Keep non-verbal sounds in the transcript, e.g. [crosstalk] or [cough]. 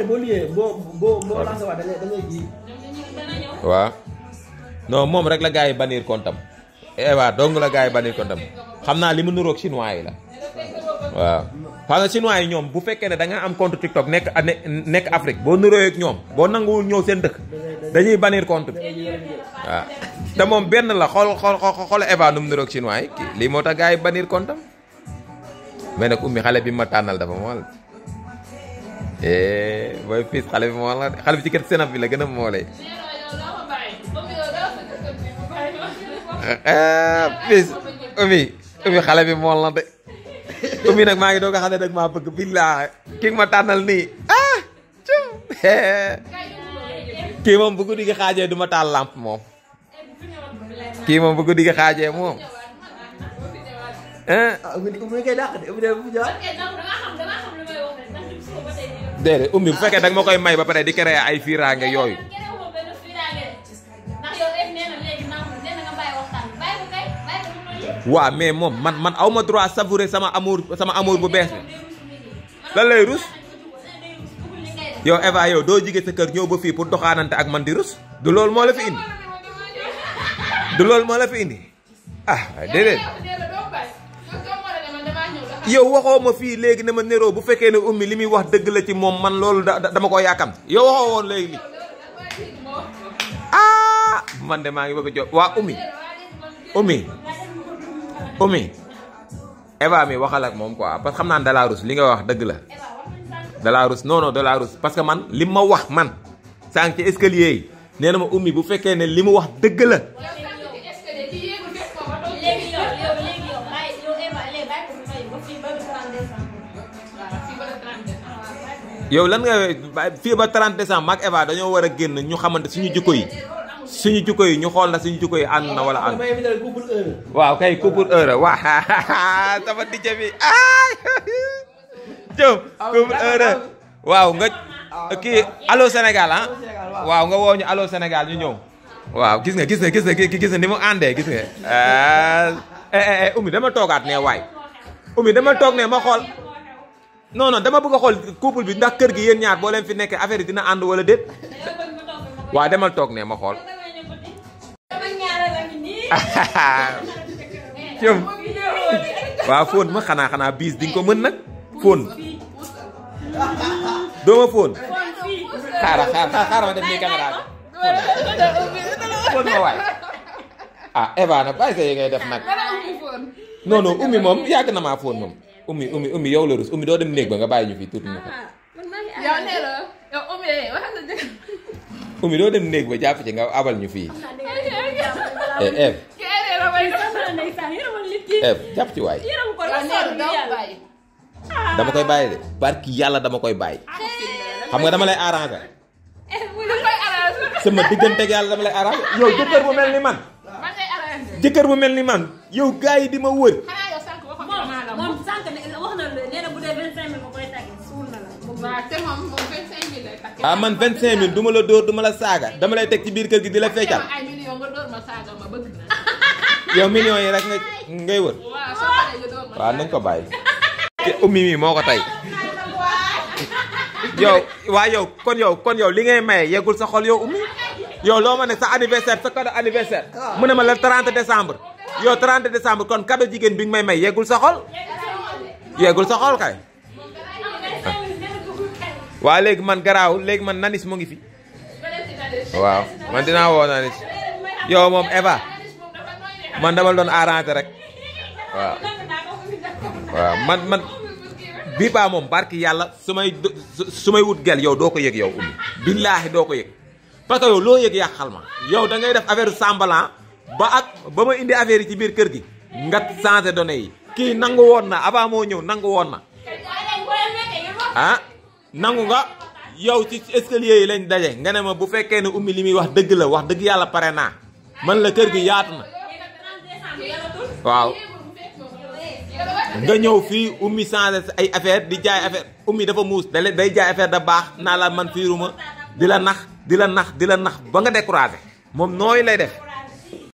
waaw non moom rek la gaa yi bannir kontam Eva eh, dong la gaa yi bannir kontam xam naa li mu nuroog chinois yi la waaw parce que chinois yi ñoom bu fekkee ne da nga am compte TikTok nekk nekk Afrique boo nuroo ak ñoom boo nanguwul ñëw seen dëkk dañuy bannir compte bi waaw te moom benn la xool xol xool Eva nu mu nuroog chinois lii moo tax gars yi bannir kontam mais nag ummi xale bi ma tànnal dafa mool eh booy piis xale la xale ci kër seen bi la umi umi la umi nak maa ngi doog a xam ne bëgg ki ma ah cum kii moom bu guddi gi xaajee du lamp moom kii moom bu guddi gi xaajee moom. ah umi kay dàq de umi bu déedéet ummi bu fekkee dag ma koy may ba pare di créer ay fiiraange yoy wa mais mom man man awma droit savourer sama amour sama amour bu bess la lay rus. yo Eva yo do jige sa kër ñow ba fi pour doxanante ak man di rus du lol mo la fi indi du lol mo la fi indi ah déedéet. yow waxoo ma fii léegi ne ma Néro bu fekkee ne ummi li muy wax dëgg la ci moom man loolu da dama ko yaakam yow waxoo woon léegi li ah man de maa ngi bëgg a jot waa ummi ummi ummi Eva mi waxal ak moom ko parce que xam naa ne rus li nga wax dëgg la Dalarus non non Dalarus parce que man li ma wax man sànq ci escalier yi nee na ma ummi bu fekkee ne li mu wax dëgg la. yow lan nga fii ba 30 décembre maak Eva dañoo war a génn ñu xamante suñu jukko yi suñu jukko yi ñu xool na suñu jukko yi ànd na wala ànd. waaw kay coup pour heure waaw sama [laughs] dijje bi ay [laughs] jëm coup pour heure waaw nga kii allo Sénégal ah waaw nga woo ñu Sénégal ñu ñëw. waaw gis nga gis nga gis nga gis nga ni mu àndee gis nga. Eh, eh, eh, Oumy dama toogaat ne waay Oumy dama toog ne ma xool. non dama bëgg a xool couple bi ndax kër gi yéen ñaar boo leen fi nekkee affaire yi dina ànd wala déet. waaw demal toog ne ma xool. jëm [laughs] waaw fóon ma xanaa xanaa biis di ko mën nag fóon. dooma fóon. xaaral xaaral xaaral ma def nii caméra bi. Ah, fóon ummi moom yàgg na maa fóon moom. ummi ummi ummi yow la rus ummi doo dem néeg ba nga bàyyi ñu fi tuuti ñu ko. Ah, yow doo dem néeg ba jàpp ci nga abal ñu fii. Eh, Eve. Ah. dama koy bàyyi de barki yàlla dama koy bàyyi. Ah, xam nga dama lay arrangé. Eh, sama digganteeg yàlla dama lay arrangé yow jëkkër bu mel ni man. jëkkër bu mel ni man yow gars yi di ma wër. Aman moom moom 25000 lay takk. waaw man la dóor du la saaga dama lay teg ci biir kër gi di la feccal. ay millions nga dóor ma saaga ma bëgg na. [laughs] yow millions yi rek nga ngay wër. nañ ko [laughs] ummi mi [laughs] yow yow kon yow kon yow li ngay maye yeggul sa xol yow ummi. yow loo ma sa anniversaire sa cadeau anniversaire. mu ma le 30 décembre. yow 30 décembre kon cadeau jigéen bi nga may may yeggul sa xol. yeggul sa xol kay. waa léegi man garaawul léegi man nanis mu ngi fi waaw man dinaa woo nanis yow moom Eva man dama doon arrangé rek waaw man man bii paa moom barki yàlla su may su may wut gel yow doo ko yëg yow ummi billaahi doo ko yëg parce que yow loo yëg yàqal ma yow da ngay def affaire semblant ba ak ba ma indi affaire yi ci biir kër gi ngat changé données yi kii nangu woon na avant moo ñëw nangu woon na nangu nga yow ci escalier yi lañ daje nga ne ma bu fekkee ne ummi li muy wax dëgg la wax dëgg yàlla pare naa man la kër gi yaatu na waaw nga ñëw fii ummi changé ay affaire di jaay affaire ummi dafa muus dale day jaay affaire da baax naa la man fiiruma di la nax di la nax di la nax ba nga découragé moom nooyu lay def